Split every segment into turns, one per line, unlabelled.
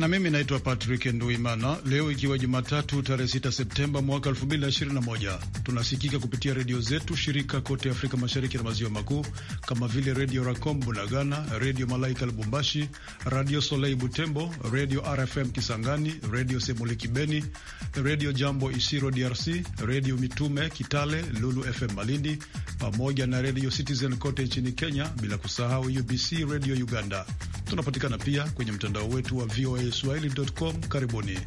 na mimi naitwa Patrick Nduimana. Leo ikiwa Jumatatu tarehe 6 Septemba mwaka 2021, tunasikika kupitia redio zetu shirika kote Afrika Mashariki na Maziwa Makuu kama vile Redio Racom Bunagana, Redio Malaika Lubumbashi, Radio Solei Butembo, Redio RFM Kisangani, Redio Semuliki Beni, Redio Jambo Isiro DRC, Redio Mitume Kitale, Lulu FM Malindi pamoja na Redio Citizen kote nchini Kenya, bila kusahau UBC Redio Uganda. Tunapatikana pia kwenye mtandao wetu wa VOA swahili.com. Karibuni.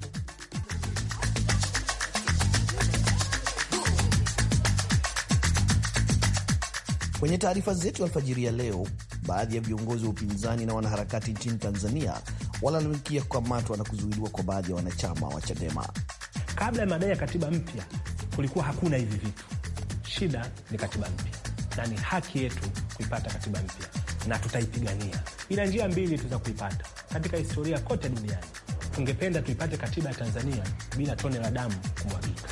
Kwenye taarifa zetu alfajiri ya leo, baadhi ya viongozi wa upinzani na wanaharakati nchini Tanzania walalamikia kukamatwa na kuzuiliwa kwa baadhi ya wanachama wa Chadema. Kabla ya
madai ya katiba mpya kulikuwa hakuna hivi vitu. Shida ni katiba mpya na ni haki yetu kuipata katiba mpya na tutaipigania. Ina njia mbili tuza kuipata katika historia kote duniani. Tungependa tuipate katiba ya Tanzania bila tone la damu kumwagika.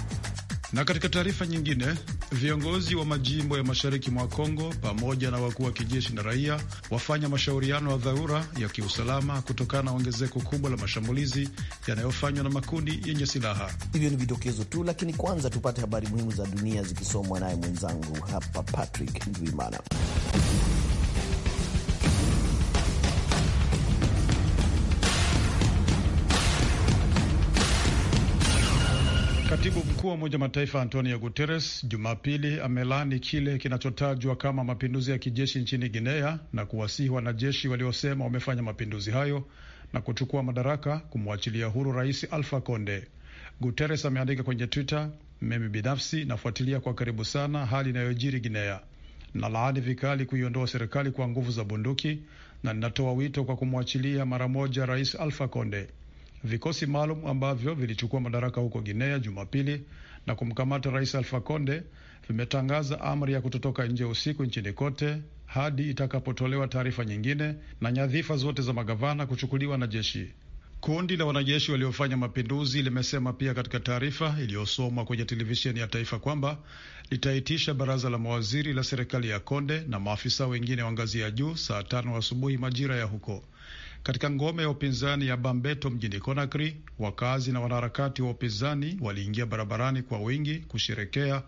Na katika taarifa nyingine, viongozi wa majimbo ya mashariki mwa Kongo pamoja na wakuu wa kijeshi na raia wafanya mashauriano ya dharura ya kiusalama kutokana na ongezeko kubwa la mashambulizi yanayofanywa na makundi yenye silaha.
Hivyo ni vidokezo tu, lakini kwanza tupate habari muhimu za dunia zikisomwa naye mwenzangu hapa Patrick Ndwimana.
Katibu mkuu wa Umoja Mataifa Antonio Guterres Jumapili amelaani kile kinachotajwa kama mapinduzi ya kijeshi nchini Guinea na kuwasihi wanajeshi waliosema wamefanya mapinduzi hayo na kuchukua madaraka kumwachilia huru Rais alfa Conde. Guterres ameandika kwenye Twitter, mimi binafsi nafuatilia kwa karibu sana hali inayojiri Guinea na laani vikali kuiondoa serikali kwa nguvu za bunduki na ninatoa wito kwa kumwachilia mara moja Rais Alfa Conde. Vikosi maalum ambavyo vilichukua madaraka huko Guinea Jumapili na kumkamata Rais Alpha Conde vimetangaza amri ya kutotoka nje usiku nchini kote hadi itakapotolewa taarifa nyingine na nyadhifa zote za magavana kuchukuliwa na jeshi. Kundi la wanajeshi waliofanya mapinduzi limesema pia katika taarifa iliyosomwa kwenye televisheni ya taifa kwamba litaitisha baraza la mawaziri la serikali ya Konde na maafisa wengine wa ngazi ya juu saa tano asubuhi majira ya huko katika ngome ya upinzani ya Bambeto mjini Conakry. Wakazi na wanaharakati wa upinzani waliingia barabarani kwa wingi kusherekea,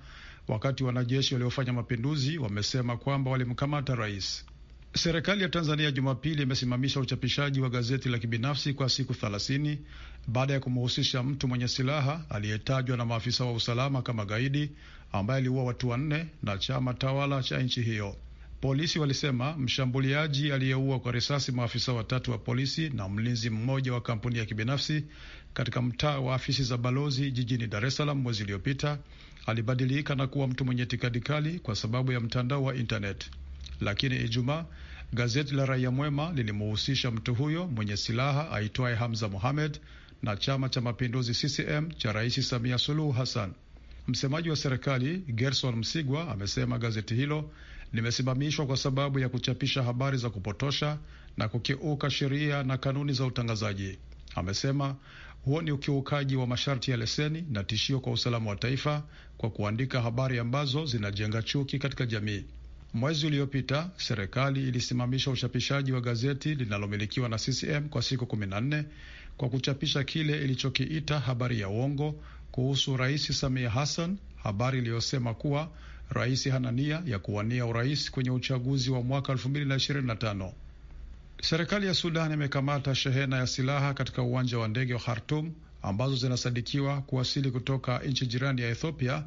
wakati wanajeshi waliofanya mapinduzi wamesema kwamba walimkamata rais. Serikali ya Tanzania Jumapili imesimamisha uchapishaji wa gazeti la kibinafsi kwa siku thelathini baada ya kumhusisha mtu mwenye silaha aliyetajwa na maafisa wa usalama kama gaidi ambaye aliua watu wanne na chama tawala cha nchi hiyo. Polisi walisema mshambuliaji aliyeua kwa risasi maafisa watatu wa polisi na mlinzi mmoja wa kampuni ya kibinafsi katika mtaa wa afisi za balozi jijini Dar es Salaam mwezi uliopita alibadilika na kuwa mtu mwenye itikadi kali kwa sababu ya mtandao wa intanet. Lakini Ijumaa gazeti la Raia Mwema lilimuhusisha mtu huyo mwenye silaha aitwaye Hamza Mohamed na Chama cha Mapinduzi CCM cha Rais Samia Suluhu Hassan. Msemaji wa serikali Gerson Msigwa amesema gazeti hilo limesimamishwa kwa sababu ya kuchapisha habari za kupotosha na kukiuka sheria na kanuni za utangazaji. Amesema huo ni ukiukaji wa masharti ya leseni na tishio kwa usalama wa taifa kwa kuandika habari ambazo zinajenga chuki katika jamii. Mwezi uliopita serikali ilisimamisha uchapishaji wa gazeti linalomilikiwa na CCM kwa siku kumi na nne kwa kuchapisha kile ilichokiita habari ya uongo kuhusu Rais Samia Hassan, habari iliyosema kuwa rais hana nia ya kuwania urais kwenye uchaguzi wa mwaka 2025. Serikali ya Sudan imekamata shehena ya silaha katika uwanja wa ndege wa Khartum ambazo zinasadikiwa kuwasili kutoka nchi jirani ya Ethiopia.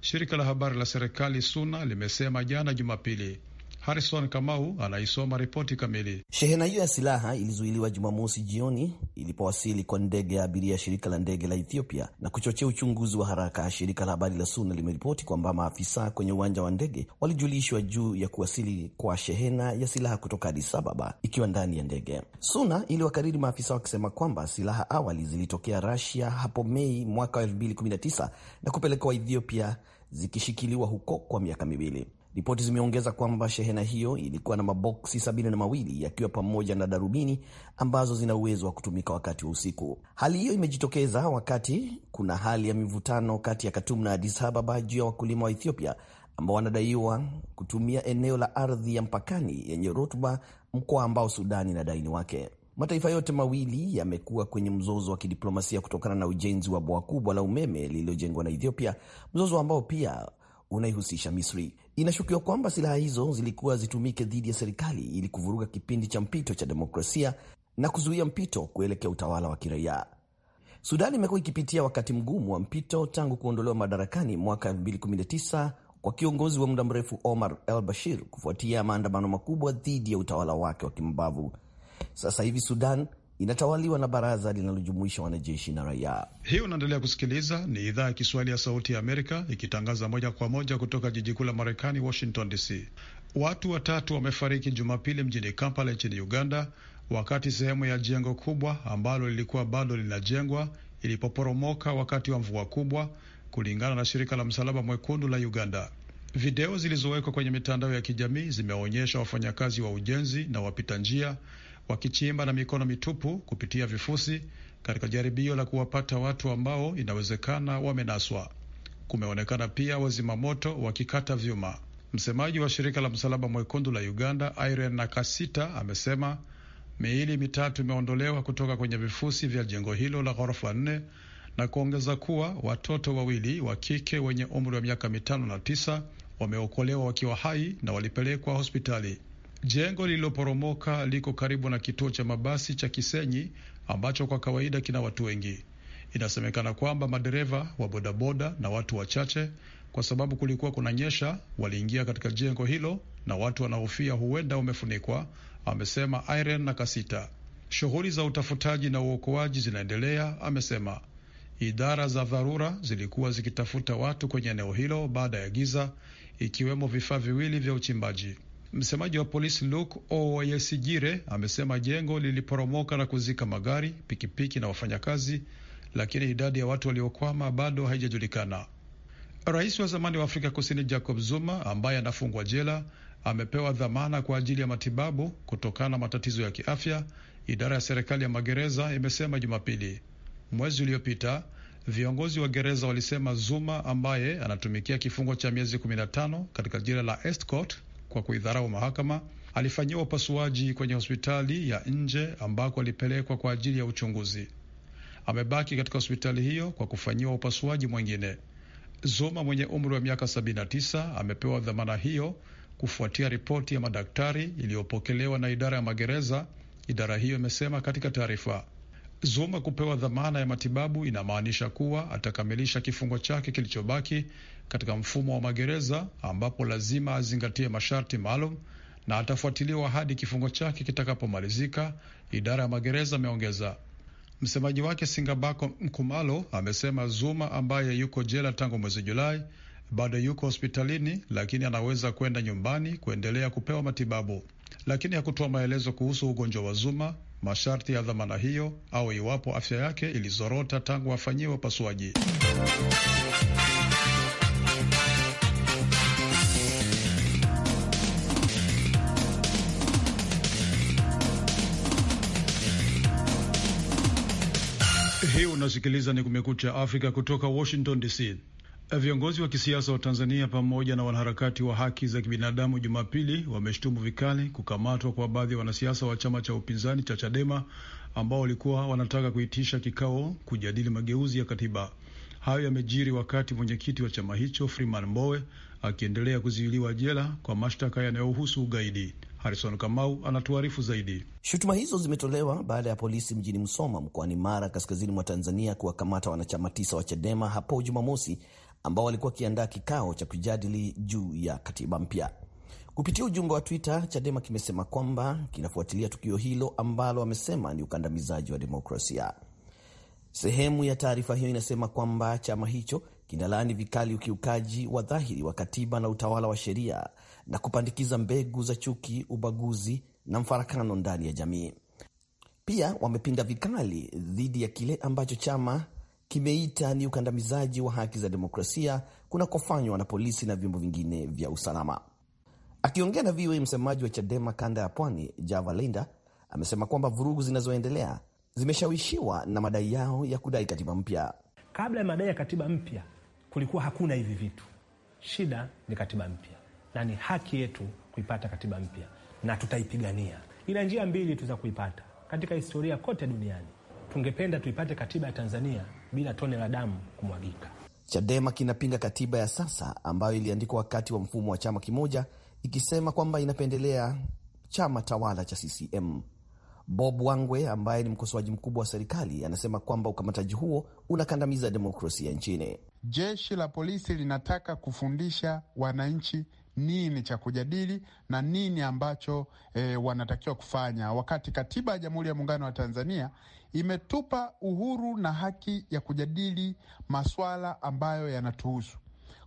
Shirika la habari la serikali SUNA limesema jana Jumapili. Harrison Kamau anaisoma ripoti kamili.
Shehena hiyo ya silaha ilizuiliwa Jumamosi jioni ilipowasili kwa ndege ya abiria ya shirika la ndege la Ethiopia na kuchochea uchunguzi wa haraka. Shirika la habari la SUNA limeripoti kwamba maafisa kwenye uwanja wa ndege walijulishwa juu ya kuwasili kwa shehena ya silaha kutoka Addis Ababa ikiwa ndani ya ndege. SUNA iliwakariri maafisa wakisema kwamba silaha awali zilitokea rasia hapo Mei mwaka wa 2019 na kupelekewa Ethiopia zikishikiliwa huko kwa miaka miwili. Ripoti zimeongeza kwamba shehena hiyo ilikuwa na maboksi sabini na mawili yakiwa pamoja na darubini ambazo zina uwezo wa kutumika wakati wa usiku. Hali hiyo imejitokeza wakati kuna hali ya mivutano kati ya katumu na Adis Ababa juu ya wakulima wa Ethiopia ambao wanadaiwa kutumia eneo la ardhi ya mpakani yenye rutuba, mkoa ambao sudani na daini wake. Mataifa yote mawili yamekuwa kwenye mzozo wa kidiplomasia kutokana na ujenzi wa bwawa kubwa la umeme lililojengwa na Ethiopia, mzozo ambao pia unaihusisha Misri. Inashukiwa kwamba silaha hizo zilikuwa zitumike dhidi ya serikali ili kuvuruga kipindi cha mpito cha demokrasia na kuzuia mpito kuelekea utawala wa kiraia. Sudani imekuwa ikipitia wakati mgumu wa mpito tangu kuondolewa madarakani mwaka 2019 kwa kiongozi wa muda mrefu Omar al Bashir kufuatia maandamano makubwa dhidi ya utawala wake wa kimabavu. Sasa hivi Sudan inatawaliwa na baraza linalojumuisha wanajeshi na raia.
Hii unaendelea kusikiliza, ni idhaa ya Kiswahili ya Sauti ya Amerika ikitangaza moja kwa moja kutoka jiji kuu la Marekani, Washington DC. Watu watatu wamefariki Jumapili mjini Kampala nchini Uganda wakati sehemu ya jengo kubwa ambalo lilikuwa bado linajengwa ilipoporomoka wakati wa mvua kubwa, kulingana na shirika la Msalaba Mwekundu la Uganda. Video zilizowekwa kwenye mitandao ya kijamii zimeonyesha wafanyakazi wa ujenzi na wapita njia wakichimba na mikono mitupu kupitia vifusi katika jaribio la kuwapata watu ambao inawezekana wamenaswa. Kumeonekana pia wazima moto wakikata vyuma. Msemaji wa shirika la Msalaba Mwekundu la Uganda, Irene Nakasita, amesema miili mitatu imeondolewa kutoka kwenye vifusi vya jengo hilo la ghorofa nne na kuongeza kuwa watoto wawili wa kike wenye umri wa miaka mitano na tisa wameokolewa wakiwa hai na walipelekwa hospitali. Jengo lililoporomoka liko karibu na kituo cha mabasi cha Kisenyi ambacho kwa kawaida kina watu wengi. Inasemekana kwamba madereva wa bodaboda na watu wachache, kwa sababu kulikuwa kuna nyesha waliingia katika jengo hilo na watu wanahofia huenda wamefunikwa, amesema Irene Nakasita. Shughuli za utafutaji na uokoaji zinaendelea, amesema. Idara za dharura zilikuwa zikitafuta watu kwenye eneo hilo baada ya giza, ikiwemo vifaa viwili vya uchimbaji. Msemaji wa polisi Luke Oyesigire amesema jengo liliporomoka na kuzika magari, pikipiki na wafanyakazi, lakini idadi ya watu waliokwama bado haijajulikana. Rais wa zamani wa Afrika Kusini Jacob Zuma ambaye anafungwa jela amepewa dhamana kwa ajili ya matibabu kutokana na matatizo ya kiafya, idara ya serikali ya magereza imesema Jumapili. Mwezi uliopita viongozi wa gereza walisema Zuma ambaye anatumikia kifungo cha miezi 15 katika jela la Estcourt kwa kuidharau mahakama, alifanyiwa upasuaji kwenye hospitali ya nje ambako alipelekwa kwa ajili ya uchunguzi. Amebaki katika hospitali hiyo kwa kufanyiwa upasuaji mwingine. Zuma mwenye umri wa miaka 79 amepewa dhamana hiyo kufuatia ripoti ya madaktari iliyopokelewa na idara ya magereza. Idara hiyo imesema katika taarifa Zuma kupewa dhamana ya matibabu inamaanisha kuwa atakamilisha kifungo chake kilichobaki katika mfumo wa magereza ambapo lazima azingatie masharti maalum na atafuatiliwa hadi kifungo chake kitakapomalizika, idara ya magereza ameongeza. Msemaji wake Singabako Mkumalo amesema Zuma ambaye yuko jela tangu mwezi Julai bado yuko hospitalini, lakini anaweza kwenda nyumbani kuendelea kupewa matibabu, lakini hakutoa maelezo kuhusu ugonjwa wa Zuma masharti ya dhamana hiyo au iwapo afya yake ilizorota tangu afanyiwe upasuaji. Hii unasikiliza ni Kumekucha Afrika kutoka Washington DC. Viongozi wa kisiasa wa Tanzania pamoja na wanaharakati wa haki za kibinadamu Jumapili wameshtumu vikali kukamatwa kwa baadhi ya wanasiasa wa chama cha upinzani cha Chadema ambao walikuwa wanataka kuitisha kikao kujadili mageuzi ya katiba. Hayo yamejiri wakati mwenyekiti wa chama hicho Freeman Mbowe akiendelea kuzuiliwa jela kwa mashtaka
yanayohusu ugaidi. Harison Kamau anatuarifu zaidi. Shutuma hizo zimetolewa baada ya polisi mjini Msoma mkoani Mara, kaskazini mwa Tanzania, kuwakamata wanachama tisa wa Chadema hapo Jumamosi ambao walikuwa wakiandaa kikao cha kujadili juu ya katiba mpya. Kupitia ujumbe wa Twitter, Chadema kimesema kwamba kinafuatilia tukio hilo ambalo wamesema ni ukandamizaji wa demokrasia. Sehemu ya taarifa hiyo inasema kwamba chama hicho kinalaani vikali ukiukaji wa dhahiri wa katiba na utawala wa sheria na kupandikiza mbegu za chuki, ubaguzi na mfarakano ndani ya jamii. Pia wamepinga vikali dhidi ya kile ambacho chama kimeita ni ukandamizaji wa haki za demokrasia kunakofanywa na polisi na vyombo vingine vya usalama. Akiongea na VOA, msemaji wa CHADEMA kanda ya pwani Java Linda amesema kwamba vurugu zinazoendelea zimeshawishiwa na madai yao ya kudai katiba mpya. Kabla ya madai ya katiba mpya
kulikuwa hakuna hivi vitu. Shida ni katiba mpya, na ni haki yetu kuipata katiba mpya na tutaipigania, ila njia mbili tu za kuipata katika historia kote duniani. Tungependa tuipate katiba ya Tanzania bila tone la damu kumwagika.
Chadema kinapinga katiba ya sasa ambayo iliandikwa wakati wa mfumo wa chama kimoja, ikisema kwamba inapendelea chama tawala cha CCM. Bob Wangwe ambaye ni mkosoaji mkubwa wa serikali anasema kwamba ukamataji huo unakandamiza demokrasia nchini. Jeshi
la polisi linataka kufundisha
wananchi nini cha kujadili
na nini ambacho e, wanatakiwa kufanya, wakati katiba ya Jamhuri ya Muungano wa Tanzania imetupa uhuru na haki ya kujadili maswala ambayo yanatuhusu.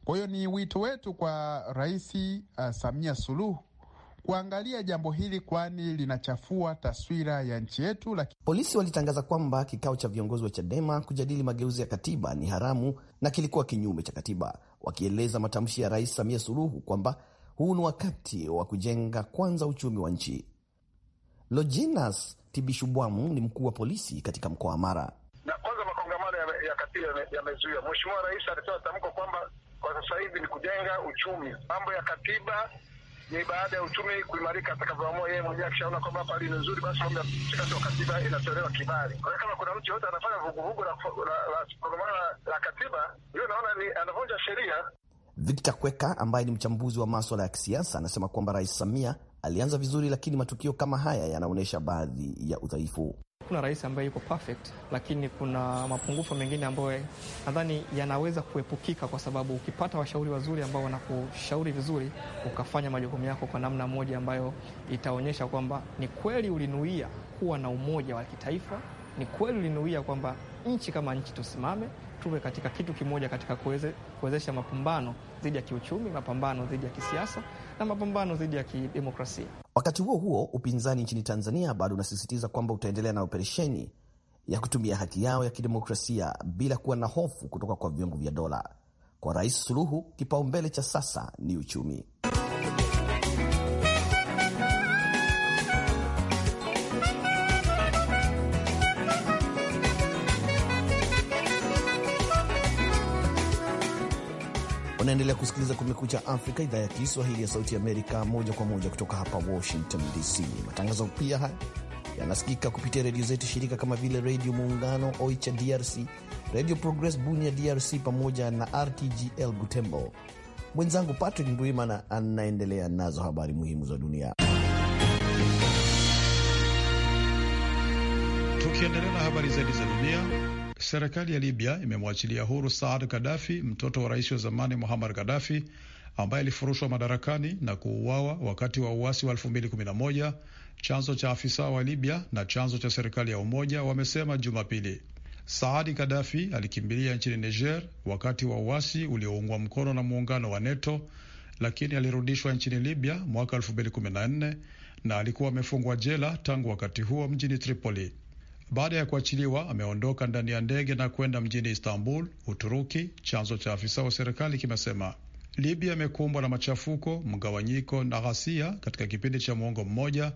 Kwa hiyo ni wito wetu kwa Rais uh, Samia Suluhu
kuangalia jambo hili kwani linachafua taswira ya nchi yetu. Lakini polisi walitangaza kwamba kikao cha viongozi wa Chadema kujadili mageuzi ya katiba ni haramu na kilikuwa kinyume cha katiba wakieleza matamshi ya Rais Samia Suluhu kwamba huu ni wakati wa kujenga kwanza uchumi wa nchi. Loginas Tibishubwamu ni mkuu wa polisi katika mkoa wa Mara. Na kwanza makongamano ya, ya katiba yamezuia. Mheshimiwa Rais alitoa tamko kwamba
kwa sasa hivi ni kujenga uchumi, mambo ya katiba ni baada ya uchumi kuimarika, atakavyoamua yeye mwenyewe. Akishaona kwamba hapa hali ni nzuri, basi mchakato wa katiba inatolewa kibali. Kwa hiyo kama kuna mtu yoyote anafanya vuguvugu la kongamano la katiba, hiyo naona
ni anavunja sheria. Victor Kweka ambaye ni mchambuzi wa maswala ya kisiasa anasema kwamba Rais Samia alianza vizuri, lakini matukio kama haya yanaonyesha baadhi ya udhaifu. Kuna rais ambaye yuko perfect, lakini kuna mapungufu mengine ambayo nadhani yanaweza kuepukika, kwa sababu ukipata washauri wazuri ambao wanakushauri vizuri, ukafanya majukumu yako kwa namna moja ambayo itaonyesha kwamba ni kweli ulinuia kuwa na umoja wa kitaifa, ni kweli ulinuia kwamba nchi kama nchi tusimame tuwe katika kitu kimoja katika kuweze, kuwezesha mapambano dhidi ya kiuchumi, mapambano dhidi ya kisiasa na mapambano dhidi ya kidemokrasia. Wakati huo huo, upinzani nchini Tanzania bado unasisitiza kwamba utaendelea na operesheni ya kutumia haki yao ya kidemokrasia bila kuwa na hofu kutoka kwa vyombo vya dola. Kwa Rais Suluhu, kipaumbele cha sasa ni uchumi. Unaendelea kusikiliza Kumekucha Afrika, idhaa ya Kiswahili ya Sauti Amerika, moja kwa moja kutoka hapa Washington DC. Matangazo pia haya yanasikika kupitia redio zetu shirika kama vile Redio Muungano Oicha DRC, Redio Progress Bunia DRC, pamoja na RTGL Butembo. Mwenzangu Patrick ndwimana anaendelea nazo habari muhimu za dunia.
Tukiendelea na habari zaidi za dunia Serikali ya Libya imemwachilia huru Saad Gaddafi, mtoto wa rais wa zamani muhamad Gaddafi ambaye alifurushwa madarakani na kuuawa wakati wa uasi wa 2011. Chanzo cha afisa wa Libya na chanzo cha serikali ya umoja wamesema Jumapili. Saadi Gaddafi alikimbilia nchini Niger wakati wa uasi ulioungwa mkono na muungano wa NATO, lakini alirudishwa nchini Libya mwaka 2014 na alikuwa amefungwa jela tangu wakati huo mjini Tripoli. Baada ya kuachiliwa, ameondoka ndani ya ndege na kwenda mjini Istanbul, Uturuki, chanzo cha afisa wa serikali kimesema. Libya imekumbwa na machafuko, mgawanyiko na ghasia katika kipindi cha mwongo mmoja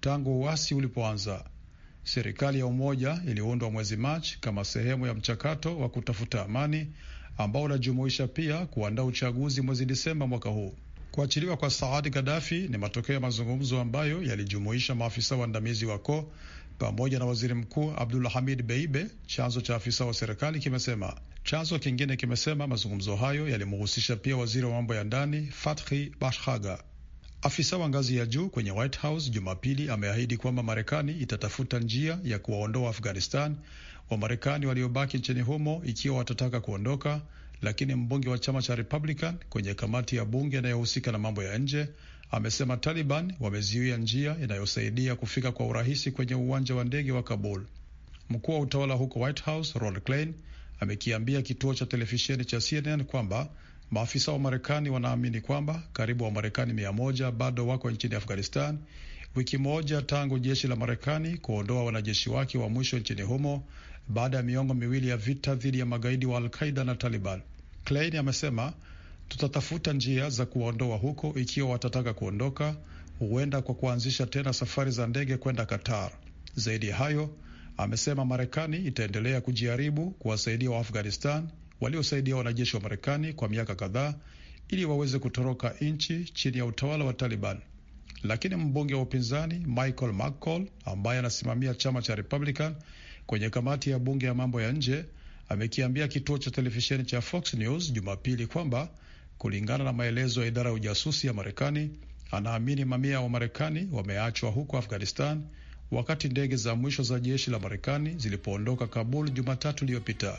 tangu uasi ulipoanza. Serikali ya umoja iliundwa mwezi Machi kama sehemu ya mchakato wa kutafuta amani ambao unajumuisha pia kuandaa uchaguzi mwezi Disemba mwaka huu. Kuachiliwa kwa Saadi Gaddafi ni matokeo ya mazungumzo ambayo yalijumuisha maafisa waandamizi wako pamoja na waziri mkuu Abdul Hamid Beibe, chanzo cha afisa wa serikali kimesema. Chanzo kingine kimesema mazungumzo hayo yalimhusisha pia waziri wa mambo ya ndani Fathi Bashaga. Afisa wa ngazi ya juu kwenye White House Jumapili ameahidi kwamba Marekani itatafuta njia ya kuwaondoa Afghanistan Wamarekani waliobaki nchini humo ikiwa watataka kuondoka, lakini mbunge wa chama cha Republican kwenye kamati ya bunge inayohusika na mambo ya nje amesema Taliban wameziwia njia inayosaidia kufika kwa urahisi kwenye uwanja wa ndege wa Kabul. Mkuu wa utawala huko White House Ron Klein amekiambia kituo cha televisheni cha CNN kwamba maafisa wa Marekani wanaamini kwamba karibu Wamarekani mia moja bado wako nchini Afghanistan, wiki moja tangu jeshi la Marekani kuondoa wanajeshi wake wa mwisho nchini humo baada ya miongo miwili ya vita dhidi ya magaidi wa Alqaida na Taliban. Klein amesema tutatafuta njia za kuwaondoa huko ikiwa watataka kuondoka, huenda kwa kuanzisha tena safari za ndege kwenda Qatar. Zaidi ya hayo, amesema Marekani itaendelea kujaribu kuwasaidia Waafghanistan waliosaidia wanajeshi wa Marekani kwa miaka kadhaa ili waweze kutoroka nchi chini ya utawala wa Taliban. Lakini mbunge wa upinzani Michael McCaul ambaye anasimamia chama cha Republican kwenye kamati ya bunge ya mambo ya nje amekiambia kituo cha televisheni cha Fox News Jumapili kwamba Kulingana na maelezo ya idara ya ujasusi ya Marekani, anaamini mamia wa marekani wameachwa huko Afghanistan wakati ndege za mwisho za jeshi la Marekani zilipoondoka Kabul Jumatatu iliyopita.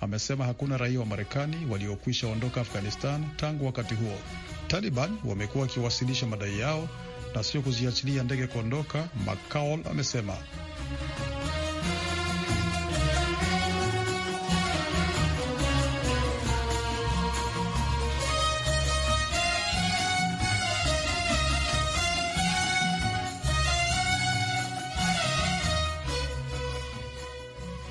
Amesema hakuna raia wa Marekani waliokwisha ondoka Afghanistan tangu wakati huo. Taliban wamekuwa wakiwasilisha madai yao na sio kuziachilia ndege kuondoka, McCaul amesema.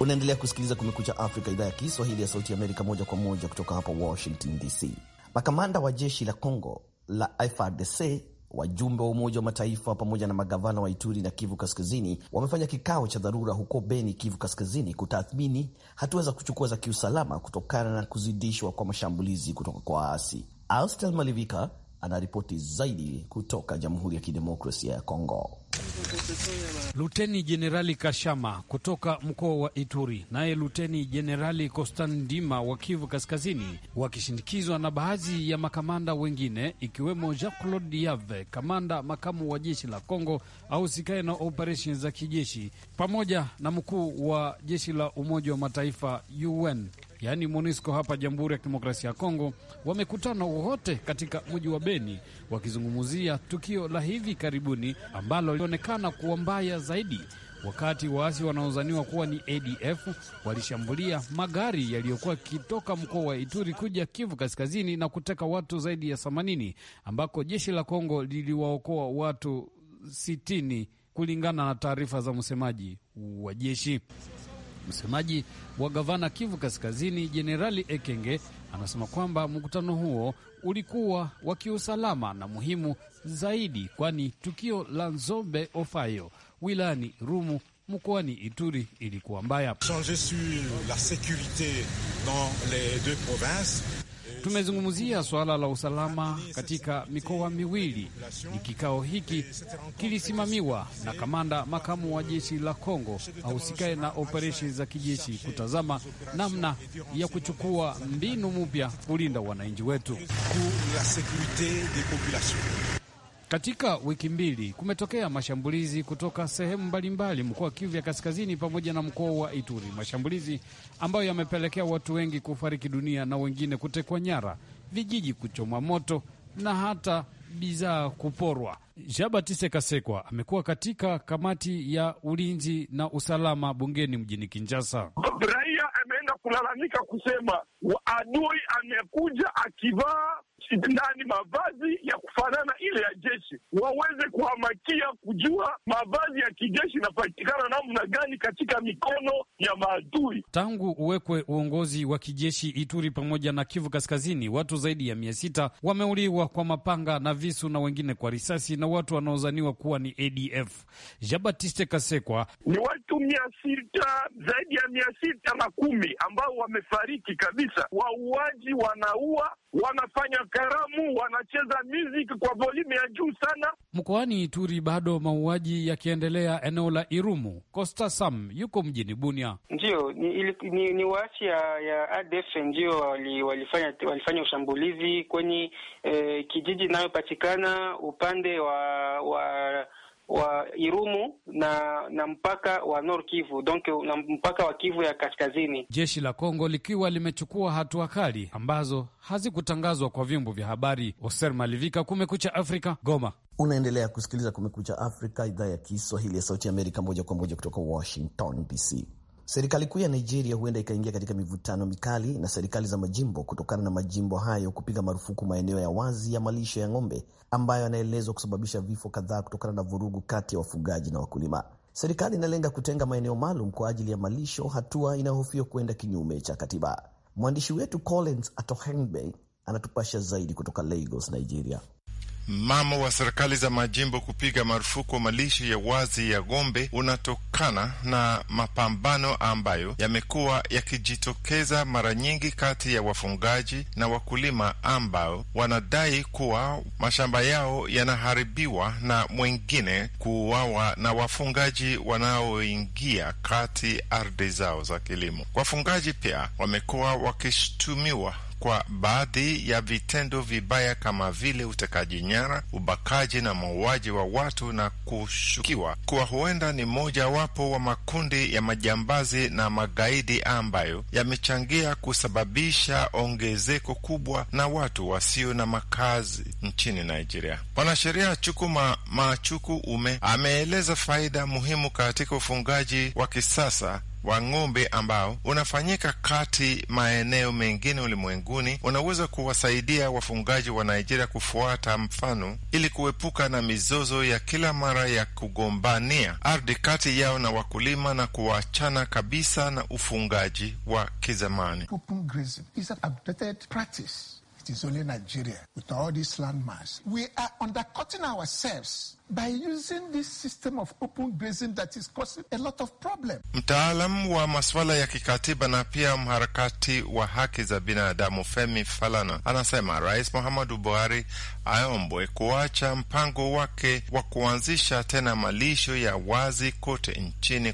Unaendelea kusikiliza Kumekucha Afrika, idhaa ya Kiswahili ya Sauti Amerika, moja kwa moja kutoka hapa Washington DC. Makamanda wa jeshi la Congo la frdc wajumbe wa Umoja wa Mataifa pamoja na magavana wa Ituri na Kivu Kaskazini wamefanya kikao cha dharura huko Beni, Kivu Kaskazini, kutathmini hatua za kuchukua za kiusalama kutokana na kuzidishwa kwa mashambulizi kutoka kwa waasi. Austel Malivika anaripoti zaidi kutoka Jamhuri ya Kidemokrasia ya Kongo.
Luteni Jenerali Kashama kutoka mkoa wa Ituri naye Luteni Jenerali Kostandima wa Kivu Kaskazini, wakishindikizwa na baadhi ya makamanda wengine ikiwemo Jean Claude Yave, kamanda makamu wa jeshi la Kongo sikae na operesheni za kijeshi, pamoja na mkuu wa jeshi la Umoja wa Mataifa UN yaani MONUSCO hapa Jamhuri ya Kidemokrasia ya Kongo wamekutana wote katika mji wa Beni wakizungumzia tukio la hivi karibuni ambalo lilionekana kuwa mbaya zaidi wakati waasi wanaozaniwa kuwa ni ADF walishambulia magari yaliyokuwa kitoka mkoa wa Ituri kuja Kivu Kaskazini na kuteka watu zaidi ya 80 ambako jeshi la Kongo liliwaokoa watu sitini kulingana na taarifa za msemaji wa jeshi. Msemaji wa gavana Kivu Kaskazini, Jenerali Ekenge, anasema kwamba mkutano huo ulikuwa wa kiusalama na muhimu zaidi, kwani tukio la Nzombe Ofayo wilayani Rumu mkoani Ituri ilikuwa mbaya. Tumezungumzia suala la usalama katika mikoa miwili. Ni kikao hiki kilisimamiwa na kamanda makamu wa jeshi la Kongo ahusikaye na operesheni za kijeshi kutazama namna ya kuchukua mbinu mpya kulinda wananchi wetu. Katika wiki mbili kumetokea mashambulizi kutoka sehemu mbalimbali mkoa wa Kivu ya Kaskazini pamoja na mkoa wa Ituri, mashambulizi ambayo yamepelekea watu wengi kufariki dunia na wengine kutekwa nyara, vijiji kuchomwa moto na hata bidhaa kuporwa. Jabatise Kasekwa amekuwa katika kamati ya ulinzi na usalama bungeni mjini Kinshasa.
Raia ameenda kulalamika kusema adui amekuja akivaa ndani mavazi ya kufanana ile ya jeshi, waweze kuhamakia kujua mavazi ya kijeshi inapatikana namna gani katika mikono
ya maadui. Tangu uwekwe uongozi wa kijeshi Ituri pamoja na Kivu Kaskazini, watu zaidi ya mia sita wameuliwa kwa mapanga na visu na wengine kwa risasi na watu wanaozaniwa kuwa ni ADF. Jabatiste Kasekwa: ni watu mia sita
zaidi ya mia sita na kumi ambao wamefariki kabisa. Wauaji wanaua, wanafanya karamu, wanacheza muziki kwa volume ya juu sana.
Mkoani Ituri bado mauaji yakiendelea eneo la Irumu. Costa Sam yuko mjini Bunia.
Ndio, ni, ni, ni waasi ya, ya ADF ndio wali, walifanya, walifanya ushambulizi kwenye eh, kijiji inayopatikana upande wa, wa wa Irumu na na mpaka wa Nord Kivu, donc na mpaka wa Kivu
ya kaskazini. Jeshi la Kongo likiwa limechukua hatua kali ambazo hazikutangazwa kwa vyombo vya habari. Oser Malivika, Kumekucha Afrika, Goma.
Unaendelea kusikiliza Kumekucha Afrika, idhaa ya Kiswahili ya Sauti ya Amerika, moja kwa moja kutoka Washington DC. Serikali kuu ya Nigeria huenda ikaingia katika mivutano mikali na serikali za majimbo kutokana na majimbo hayo kupiga marufuku maeneo ya wazi ya malisho ya ng'ombe ambayo yanaelezwa kusababisha vifo kadhaa kutokana na vurugu kati ya wafugaji na wakulima. Serikali inalenga kutenga maeneo maalum kwa ajili ya malisho, hatua inayohofiwa kuenda kinyume cha katiba. Mwandishi wetu Collins Atohengbe anatupasha zaidi kutoka Lagos, Nigeria
mamo wa serikali za majimbo kupiga marufuku malishi ya wazi ya ng'ombe unatokana na mapambano ambayo yamekuwa yakijitokeza mara nyingi kati ya wafungaji na wakulima ambao wanadai kuwa mashamba yao yanaharibiwa na mwengine kuuawa na wafungaji wanaoingia kati ardhi zao za kilimo. Wafungaji pia wamekuwa wakishutumiwa kwa baadhi ya vitendo vibaya kama vile utekaji nyara, ubakaji na mauaji wa watu na kushukiwa kuwa huenda ni mojawapo wa makundi ya majambazi na magaidi ambayo yamechangia kusababisha ongezeko kubwa na watu wasio na makazi nchini Nigeria. Mwanasheria Chukuma Machuku Ume ameeleza faida muhimu katika ufungaji wa kisasa wa ng'ombe ambao unafanyika kati maeneo mengine ulimwenguni unaweza kuwasaidia wafungaji wa Nigeria kufuata mfano ili kuepuka na mizozo ya kila mara ya kugombania ardhi kati yao na wakulima na kuwachana kabisa na ufungaji wa kizamani is only Nigeria with all these landmass. We are undercutting ourselves by using this system of open grazing that is causing a lot of problems. Mtaalam wa masuala ya kikatiba na pia mharakati wa haki za binadamu Femi Falana anasema Rais Muhammadu Buhari aombwe kuacha mpango wake wa kuanzisha tena malisho ya wazi kote nchini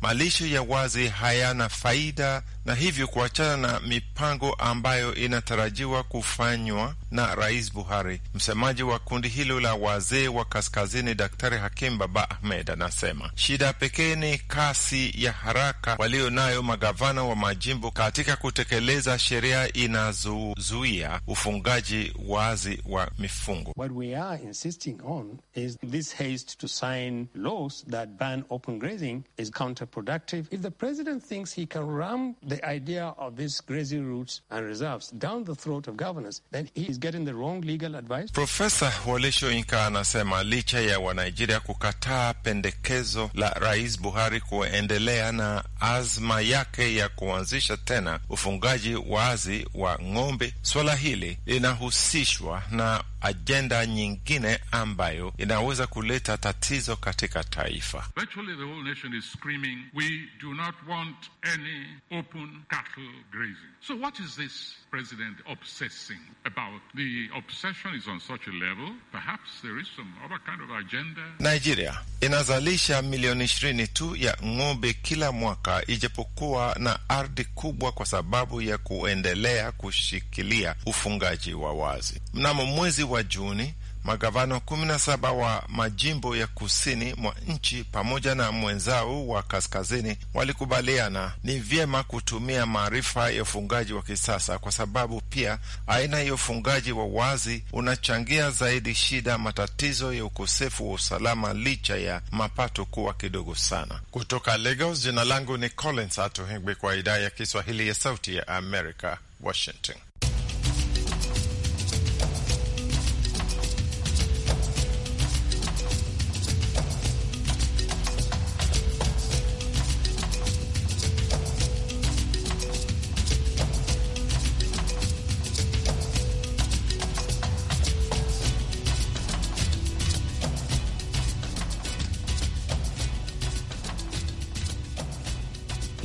malisho ya wazi hayana faida na hivyo kuachana na mipango ambayo inatarajiwa kufanywa na Rais Buhari. Msemaji wa kundi hilo la wazee wa kaskazini, Daktari Hakim Baba Ahmed, anasema shida pekee ni kasi ya haraka walio nayo magavana wa majimbo katika kutekeleza sheria inazozuia ufungaji wazi wa mifungo.
What we are insisting on is this haste to sign laws that ban open grazing is counterproductive. If the president thinks he can ram the the idea of these grazing routes and reserves down the throat of governors, then he is getting the wrong legal advice.
Profesa Walisho Inka anasema licha ya Wanigeria kukataa pendekezo la Rais Buhari kuendelea na azma yake ya kuanzisha tena ufungaji wazi wa ng'ombe, swala hili linahusishwa na ajenda nyingine ambayo inaweza kuleta tatizo katika taifa. Virtually the whole nation is screaming, we do not want any open open cattle grazing. So, what is this president obsessing about? The obsession is on such a level, perhaps there is some other kind of agenda. Nigeria inazalisha milioni ishirini tu ya ng'ombe kila mwaka, ijapokuwa na ardhi kubwa kwa sababu ya kuendelea kushikilia ufungaji wa wazi. Mnamo mwezi wa Juni magavano 17 wa majimbo ya kusini mwa nchi pamoja na mwenzao wa kaskazini walikubaliana ni vyema kutumia maarifa ya ufungaji wa kisasa, kwa sababu pia aina ya ufungaji wa wazi unachangia zaidi shida, matatizo ya ukosefu wa usalama, licha ya mapato kuwa kidogo sana. Kutoka Lagos, jina langu ni Collins Atohengwi, kwa idhaa ya Kiswahili ya Sauti ya Amerika, Washington.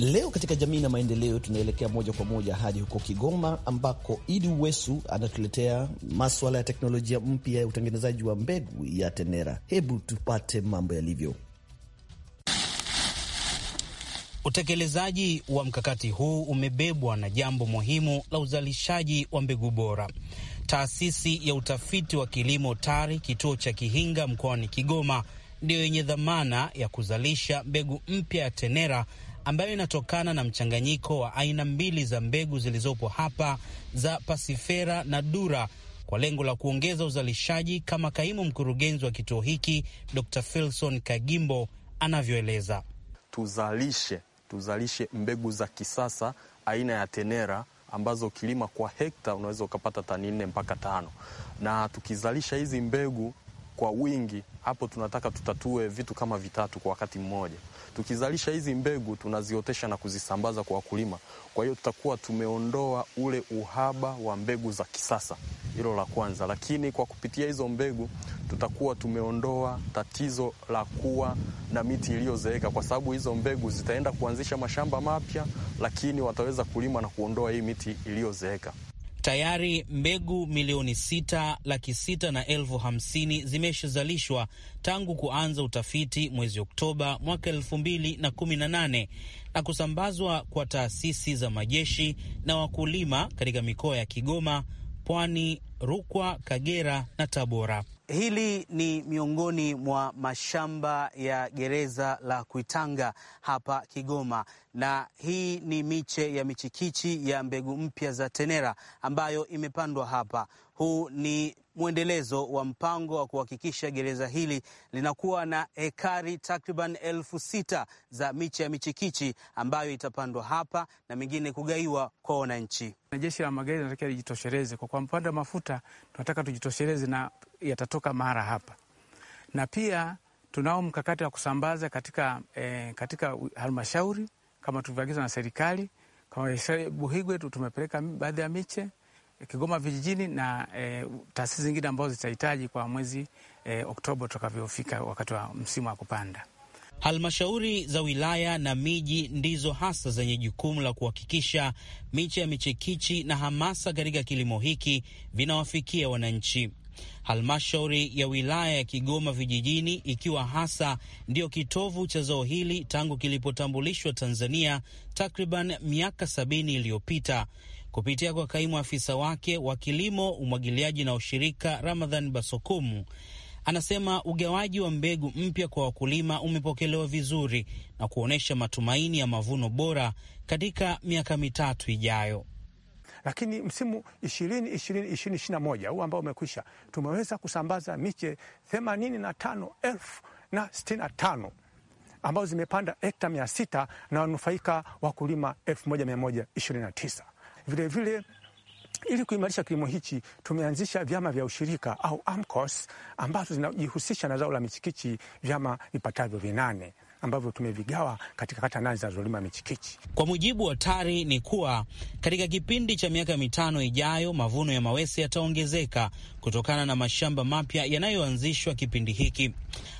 Leo katika jamii na maendeleo, tunaelekea moja kwa moja hadi huko Kigoma ambako Idi Uwesu anatuletea maswala ya teknolojia mpya ya utengenezaji wa mbegu ya tenera. Hebu tupate mambo yalivyo. Utekelezaji wa mkakati huu
umebebwa na jambo muhimu la uzalishaji wa mbegu bora. Taasisi ya utafiti wa kilimo TARI kituo cha Kihinga mkoani Kigoma ndiyo yenye dhamana ya kuzalisha mbegu mpya ya tenera ambayo inatokana na mchanganyiko wa aina mbili za mbegu zilizopo hapa za Pasifera na Dura kwa lengo la kuongeza uzalishaji, kama kaimu mkurugenzi wa kituo hiki Dr. filson Kagimbo anavyoeleza.
Tuzalishe, tuzalishe mbegu za kisasa aina ya Tenera ambazo ukilima kwa hekta unaweza ukapata tani nne mpaka tano, na tukizalisha hizi mbegu kwa wingi, hapo tunataka tutatue vitu kama vitatu kwa wakati mmoja. Tukizalisha hizi mbegu, tunaziotesha na kuzisambaza kwa wakulima. Kwa hiyo tutakuwa tumeondoa ule uhaba wa mbegu za kisasa, hilo la kwanza. Lakini kwa kupitia hizo mbegu tutakuwa tumeondoa tatizo la kuwa na miti iliyozeeka, kwa sababu hizo mbegu zitaenda kuanzisha mashamba mapya, lakini wataweza kulima na kuondoa hii miti iliyozeeka.
Tayari mbegu milioni sita laki sita na elfu hamsini zimeshazalishwa tangu kuanza utafiti mwezi Oktoba mwaka elfu mbili na kumi na nane na kusambazwa kwa taasisi za majeshi na wakulima katika mikoa ya Kigoma, Pwani, Rukwa, Kagera na Tabora. Hili ni miongoni mwa mashamba ya gereza la Kuitanga hapa Kigoma, na hii ni miche ya michikichi ya mbegu mpya za tenera ambayo imepandwa hapa. Huu ni mwendelezo wa mpango wa kuhakikisha gereza hili linakuwa na ekari takriban elfu sita za miche ya michikichi ambayo itapandwa hapa na mingine kugaiwa kwa wananchi.
Na jeshi la magari linatakiwa lijitosheleze kwa, kwa wa mafuta tunataka tujitosheleze, na yatatoka mara hapa, na pia tunao mkakati wa kusambaza katika, eh, katika halmashauri kama tulivyoagizwa na serikali. Kama Buhigwe tumepeleka baadhi ya miche Kigoma vijijini na e, taasisi zingine ambazo zitahitaji kwa mwezi e, Oktoba utakavyofika wakati wa msimu wa kupanda.
Halmashauri za wilaya na miji ndizo hasa zenye jukumu la kuhakikisha miche ya michikichi na hamasa katika kilimo hiki vinawafikia wananchi. Halmashauri ya wilaya ya Kigoma vijijini ikiwa hasa ndiyo kitovu cha zao hili tangu kilipotambulishwa Tanzania takriban miaka sabini iliyopita kupitia kwa kaimu afisa wake wa kilimo, umwagiliaji na ushirika Ramadhan Basokumu anasema ugawaji wa mbegu mpya kwa wakulima umepokelewa vizuri na kuonyesha matumaini ya mavuno bora katika miaka
mitatu ijayo. Lakini msimu ishirini ishirini ishirini na moja huu ambao umekwisha, tumeweza kusambaza miche themanini na tano elfu na sitini na tano ambazo zimepanda hekta mia sita na wanufaika wakulima elfu moja mia moja ishirini na tisa. Vilevile vile, ili kuimarisha kilimo hichi tumeanzisha vyama vya ushirika au AMCOS ambazo zinajihusisha na zao la michikichi, vyama vipatavyo vinane ambavyo tumevigawa katika kata nane zinazolima Michikichi. Kwa mujibu wa TARI
ni kuwa katika kipindi cha miaka mitano ijayo mavuno ya mawese yataongezeka kutokana na mashamba mapya yanayoanzishwa kipindi hiki.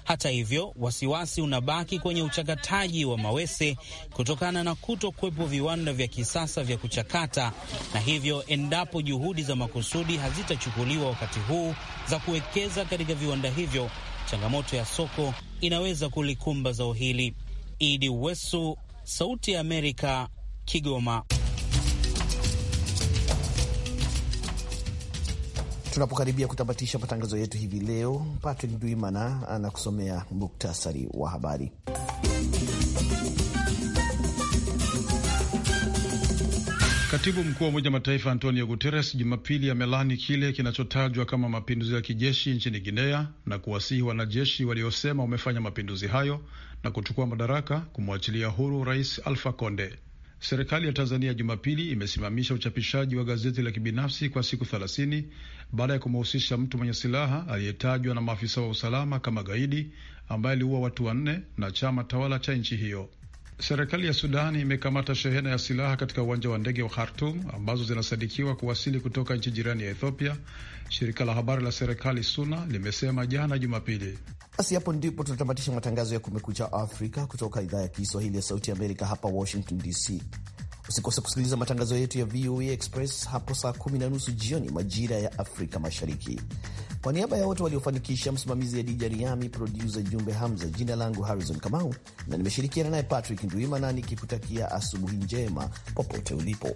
Hata hivyo, wasiwasi unabaki kwenye uchakataji wa mawese kutokana na kutokuwepo viwanda vya kisasa vya kuchakata, na hivyo endapo juhudi za makusudi hazitachukuliwa wakati huu za kuwekeza katika viwanda hivyo changamoto ya soko inaweza kulikumba zao hili. Idi Wesu, Sauti ya Amerika, Kigoma.
Tunapokaribia kutamatisha matangazo yetu hivi leo, Patrick Duimana anakusomea muktasari wa habari.
Katibu mkuu wa Umoja Mataifa Antonio Guterres Jumapili amelani kile kinachotajwa kama mapinduzi ya kijeshi nchini Guinea na kuwasihi wanajeshi waliosema wamefanya mapinduzi hayo na kuchukua madaraka kumwachilia huru Rais Alfa Conde. Serikali ya Tanzania Jumapili imesimamisha uchapishaji wa gazeti la kibinafsi kwa siku 30 baada ya kumhusisha mtu mwenye silaha aliyetajwa na maafisa wa usalama kama gaidi ambaye aliua watu wanne na chama tawala cha nchi hiyo. Serikali ya Sudani imekamata shehena ya silaha katika uwanja wa ndege wa Khartum ambazo zinasadikiwa kuwasili kutoka nchi jirani ya Ethiopia. Shirika la habari la serikali SUNA limesema jana Jumapili.
Basi hapo ndipo tunatamatisha matangazo ya Kumekucha Afrika kutoka idhaa ya Kiswahili ya Sauti ya Amerika hapa Washington DC. Usikose kusikiliza matangazo yetu ya VOA Express hapo saa kumi na nusu jioni majira ya Afrika Mashariki. Kwa niaba ya wote waliofanikisha, msimamizi Adija Riami, produsa Jumbe Hamza, jina langu Harrison Kamau na nimeshirikiana naye Patrick Nduimana, nikikutakia asubuhi njema popote ulipo.